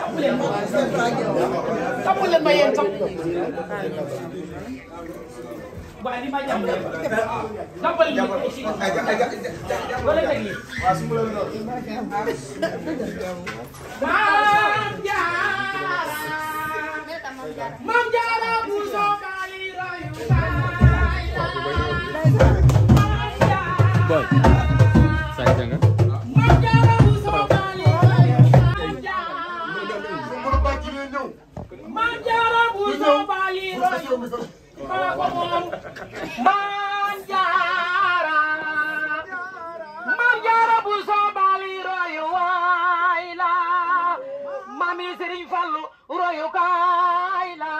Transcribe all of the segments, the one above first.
jàpp leen ma jàpp leen ma yéen sax waaye li ma jàpp leen jàppal ma ci wala teg yi maam jaara maam jaara bu soo baali rayu baay la maam jaara maa jaara bu soobali royu maa ko moom maa jaara maa jaara bu soobali royu waay la mami Serigne Fallou royu kaay la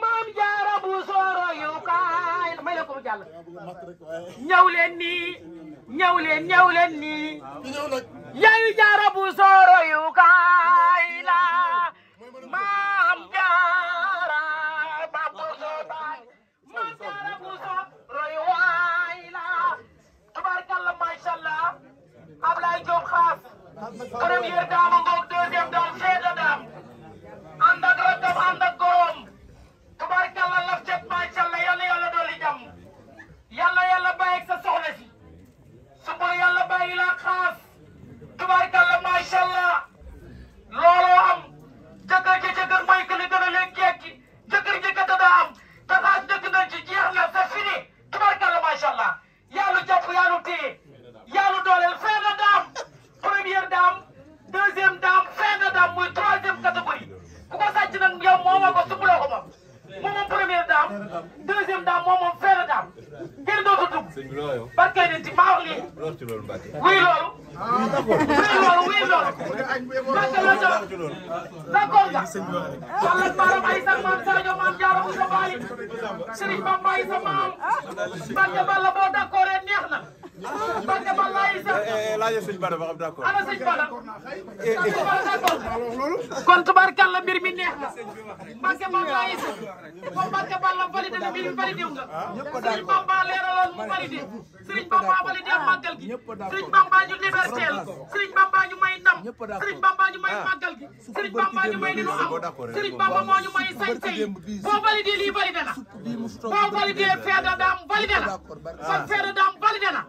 maam jaara bu soo royu kaay la may la ko mu jàll ñëw leen nii ñëw leen ñëw leen nii yaayu jaara bu soo royu kaay premier daamu ngoog deuxième daamu kenn doo ko dugg. sëñ bi loo yow. parce que nit ma wax lii. loolu ci loolu Mbacke. muy loolu. muy loolu muy loolu. Mbacke la jox. d'accord nga. wala Maram ay sa maam Sadio maam Diarra Moussa Baye. Serigne Bamba ay sa maam. Mbacke Balla boo d'accord neex na. Mbacke Balaye sax. laajal mu validé. sëriñ Bamba validé màggal gi. sëriñ Bamba ñu liberté la. sëriñ Bamba ñu may ndam. sëriñ Bamba ñu may màggal gi. sëriñ ñu may li ñu am. sëriñ ñu may sañ boo validé lii validé na. boo validé feeda daam validé na. kon feeda daam validé na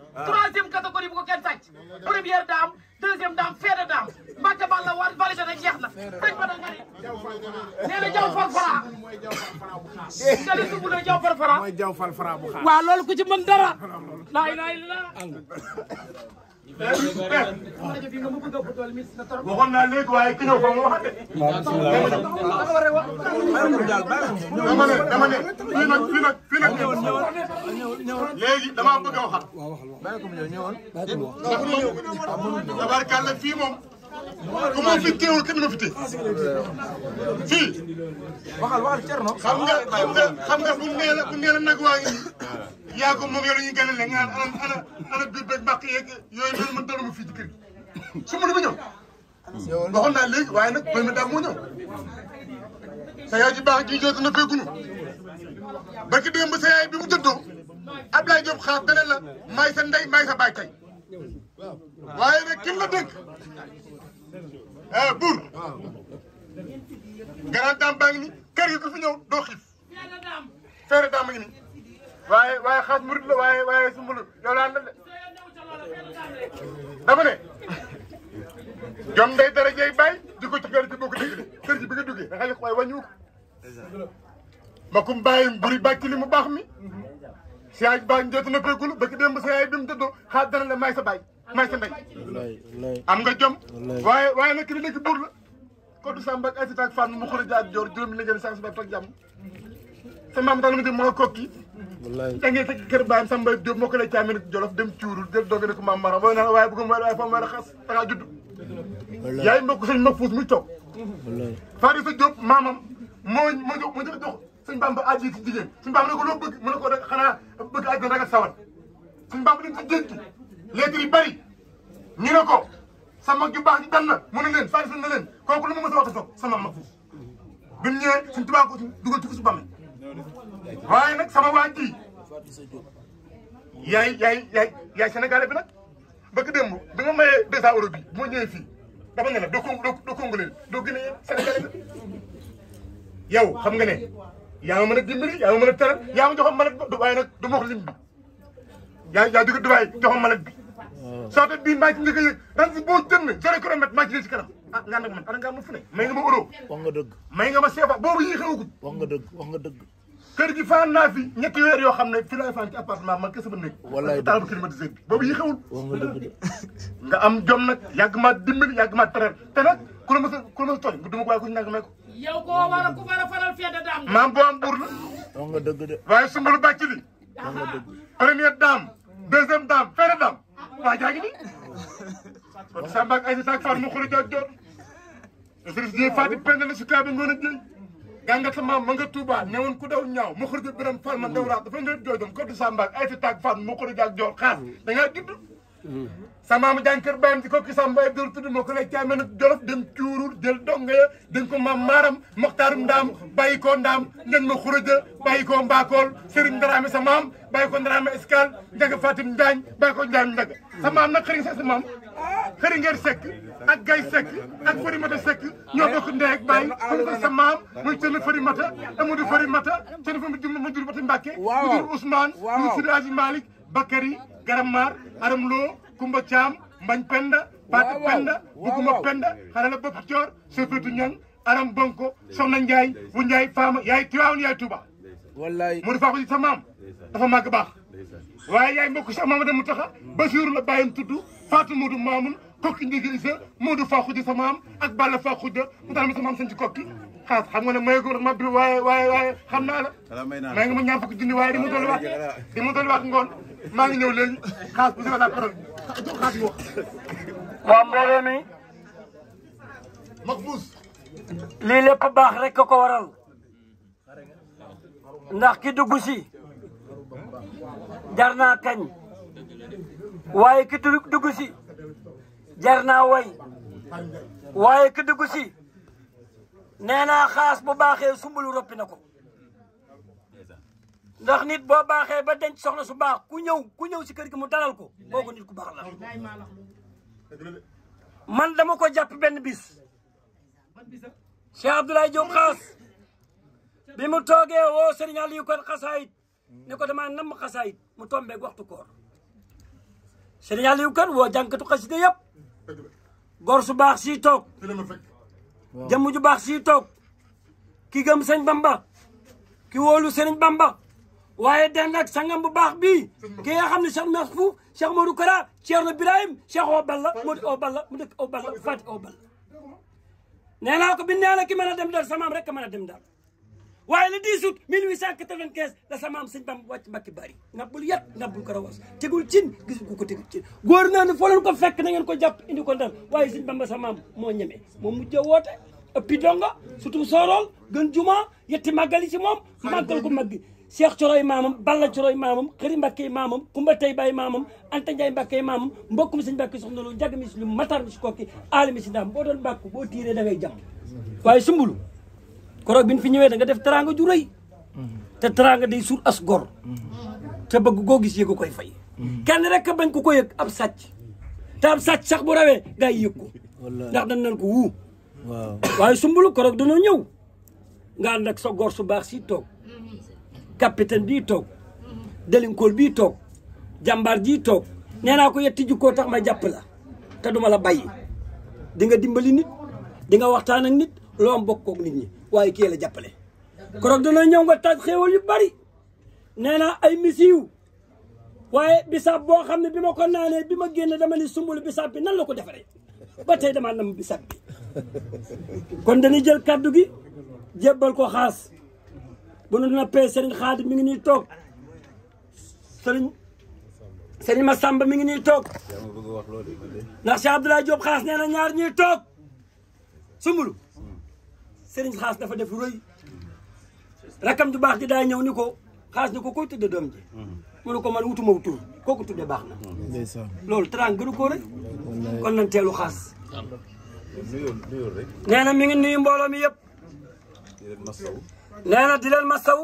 loolu ku ci mën dara laa ilaaha illallaah waxoon naa léegi waaye ki ñëw fa mu waxate. dama ne dama ne fii nag fii nag fii nag léegi damaa bëgg a waxat. tabarkàlla fii moom. ku ma fi teewul kenn ma fi tee. fii. waxal waxal Thierno. xam nga xam nga xam nga bu nee la bu nee la nag waa ngi yaa ko moom yow la ñuy gën a leen nga ana ana ana biir beeg mbàq yeeg yooyu man man daluma fii ci kër gi su ma demee ñëw. waxoon naa léegi waaye nag bëri na daal moo ñëw. sa yaay ji baax ji jooytu na fekkuñu ba ki démb sa yaay bi mu jëndoo Ablaye Diop xaar dana la may sa ndey may sa baay tey waaye nag kin ah, doo xiif feere daam a ngi ni. waaye waaye xaas murit la waaye waaye sumbulu yow laa la de dama ne jom day dara jay bay di ko ci kër ci bokk dëgg de kër ci bi nga da xale waaye wàññiwu ko makum bàyyi mburi bàcc li mu baax mi si yaay baa njot na fekkul ba ki démb sa yaay bi mu tëddoo xaas dana la may baay may sa am nga jom waaye waaye nag ki di nekk buur la Kodou Samba ak Aïssata ak Fane mu xur a jaar joor juróomi ngeen sang si ba toog jàmm sa maam tax na mu di moo kokki wallaay jàngee sa kër baayam Samba Diop moo ko lay caamin Jolof dem cuurul jël doog ne ko maam Mara booy naan waaye bëgg ma waaye fam ma xas da ngaa judd yaay mbokk moo moo jox moo jox sëñ Bamba aji ci jigéen sëñ Bamba ne ko loo bëgg mu ne ko rek xanaa bëgg aj ragal sawar sëñ Bamba dañ ko jénki lettre yi bari ñu ne ko sama mag ju baax na mu ne leen Faari sa na leen kooku lu ma mos a wax a toog sama Mahfouz bi mu ñëwee suñ tubaab ko dugal su bamee waaye nag sama waa ji yaay yaay yaay yaay sénégalais ba nag bëgg démb bi nga mayee 200 euros bi moo ñëwee fii dama ne la doo cong doo congolais doo gën a yéen sénégalais bi yow xam nga ne yaa ma mën a dimbali yaa ma mën a teral yaa ma joxoon malade bi waaye nag du ma wax lim bi yaa yaa dugg Dubaay joxoon malade bi. soo ko bii maa ngi ci njëkk a yëg ren si boo jënd zéro kilomètre maa ngi ci ne si kanam ah nga nag man ana ngaa ma fu ne may nga ma euro. wax nga dëgg may nga ma CFA boobu yii xewagul. nga dëgg wax nga dëgg. kër gi fan naa ñetti weer yoo xam ne fi laay fan ci appartement man kese fa nekk. wallaay taal climatisé bi boobu yi xewul. nga am jom nag yàgg maa dimbali yàgg maa teral te nag ku la mës a ku la mës a tooñ bu duma ko waaye ku si nag may ko. yow koo war a a faral fee daam. am buur la. wax nga dëgg de. waaye sumbalu bàcc li. wax nga dëgg. première dame deuxième dame fere dame waa jaa ngi nii. kon Samba ak Aïssa ak Fatou mu xur a jot jot. Fatou Penda si kaa bi ngoon a jëy. gàngata maam ma nga Touba ne ku daw ñaaw ma xur gi biram fal ma dawraa nga jooy ko di Samba ay ti taag fan ma xur joor xaas da ngaa judd sa maam jàng kër bayam di ko ki Samba ay dor tudd moo ko lay caame nag Jolof dem cuurul jël donga ya dañ ko maam maaram moxtaarum ndaam bàyyi koo ndaam ngeen ma xuraja bàyyi koo mbaakool sëriñ ndaraame sa maam bàyyi ko ndaraame escale njaga Fatim Njaañ bàyyi ko Njaañ njaga sa maam nag sa sa xëringeer sekk ak gay sekk ak farimata sekk ñoo bokk ndey ak baay mu ko sa maam muy cënn farimata amadou farimata cënn farimata mu jur bata mbàkke mu jur ousmane mu jur aji malik bakari garamar aram loo kumba caam mbañ penda paate penda buguma penda xale la bopp joor aram bonko soxna njaay bu njaay faama yaay tiwaawoon yaay tuuba mu di faa ko ci sa maam dafa baax waaye yaay mbokk Cheikh Mamadou Mountakha Basiru la bàyyam tudd Fatou Modou Mamoun kokki ndigal isa Modou Fa Khoudia sa maam ak Balla Fa Khoudia mu tax ma sa maam sañ ci kokki xaas xam nga ne maye gouvernement bi waaye waaye xam naa la maa ngi ma ñaar fukki junni waaye di ma dolliwaat di ma dolliwaat ngoon maa ngi ñëw léegi xaas bu si la wax waa mbooloo mi Makbous lii lépp baax rek ko waral ndax jar naa kañ waaye ki dugg si jar naa way waaye ki dugg si nee naa xaas bu baaxee sumbulu roppi na ko ndax nit boo baaxee ba denc soxna su baax ku ñëw ku ñëw si kër gi mu dalal ko kooku nit ku baax la man dama ko jàpp benn bis Cheikh Abdoulaye Diop xaas bi mu toogee woo Serigne Aliou kon xasaayit ne ko damaa nam xasaayit mu tombeeg waxtu koor sëriñ Aliou kan woo jànkatu xasida yëpp gor su baax sii toog jëmm ju baax sii toog ki gëm sëñ Bamba ki wóolu sëriñ Bamba waaye den ak sangam bu baax bii ki nga xam ne Cheikh Masfou Cheikh Modou Kara Cheikh Ibrahim Cheikh Oballa Modou Oballa mu dëkk Oballa Fati Oballa nee naa ko bi nee na ki mën a dem daal samaam rek mën a dem daal waaye le 10 août 1895 la sa maam sëñ Bamba wàcc Mbàkke Bari nabbul yat nabbul karawas tegul cin gisul ku ko tegul naa ne foo leen ko fekk na ngeen ko jàpp indi ko ndar waaye sëñ Bamba sa maam moo ñeme moo mujj a woote ëppi donga surtout soorool gën juma yetti màggal yi ci moom màggal ko mag gi Cheikh Coroy maamam Balla Coroy maamam Xëri Mbàkke maamam Kumba Tay Bay maamam Anta Njaay Mbàkke maamam mbokkum sëñ Mbàkke soxna lu jagg mi si lu matar mi si kokki aali da ngay jàpp waaye sumbulu koroog bi ñu fi ñëwee danga def teraanga ju rëy te teraanga day suur as gor te bëgg koo gis yëgu koy fay kenn rek a bañ ko ko yëg ab sàcc te ab sàcc sax bu rawee gaa yi yëg ko ndax dañ nan ko wuu waaw waaye sumbulu koroog danoo ñëw nga ànd ak sa gor su baax si toog capitaine bii toog delinkool bi toog jàmbaar ji toog nee naa ko yetti jikkoo tax ma jàpp la te duma la bàyyi di nga dimbali nit di nga waxtaan ak nit loo am nit ñi waaye kii la jàppale. korog dana ñëw nga taaj xéewal yu bari nee naa ay misiw waaye bisaab boo xam ne bi ma ko naanee bi ma génn dama ni sumbul bisaab bi nan la ko defaree ba tey damaa nam bisaab bi kon dañuy jël kaddu gi jébbal ko xaas bu nu nappee sëriñ xaadim mi ngi ñuy toog sëriñ sëriñ Masamba mi ngi ñuy toog ndax Cheikh Abdoulaye Diop xaas nee na ñaar ñuy toog sumbulu sëriñ xaas dafa def rëy rakam baax ji daa ñëw ni ko xaas ni ko koy tudde doom ji mm-hmm. mu ko man wutumaw tur kooku tudde baax na mm-hmm. loolu teraanga gënu koo rëy kon nañ teelu xaas nee na mi ngi nuyu mbooloo mi yëpp nee na di leen masaw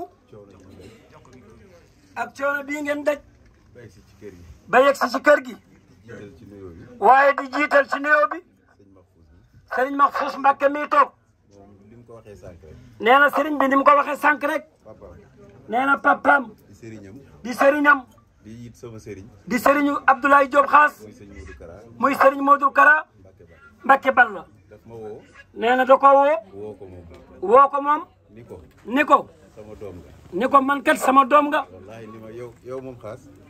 ak coono bii ngeen daj ba yegg si ci kër gi waaye di jiital ci nuyoo bi sëriñ Mahfous Mbacké mi toog nee na sëriñ bi ni mu ko waxee sànq rek. nee na papaam. di sëriñam. di sëriñam. di it sama sëriñ. di sëriñu Abdoulaye Diop Xaas. muy sëriñ Modou Kara. Mbacke Balla. nee na da ko woo. ko moom. woo ko moom. ni ko. ni ko. ni ko man kat sama doom nga. wallaahi ni ma yow yow moom Xaas.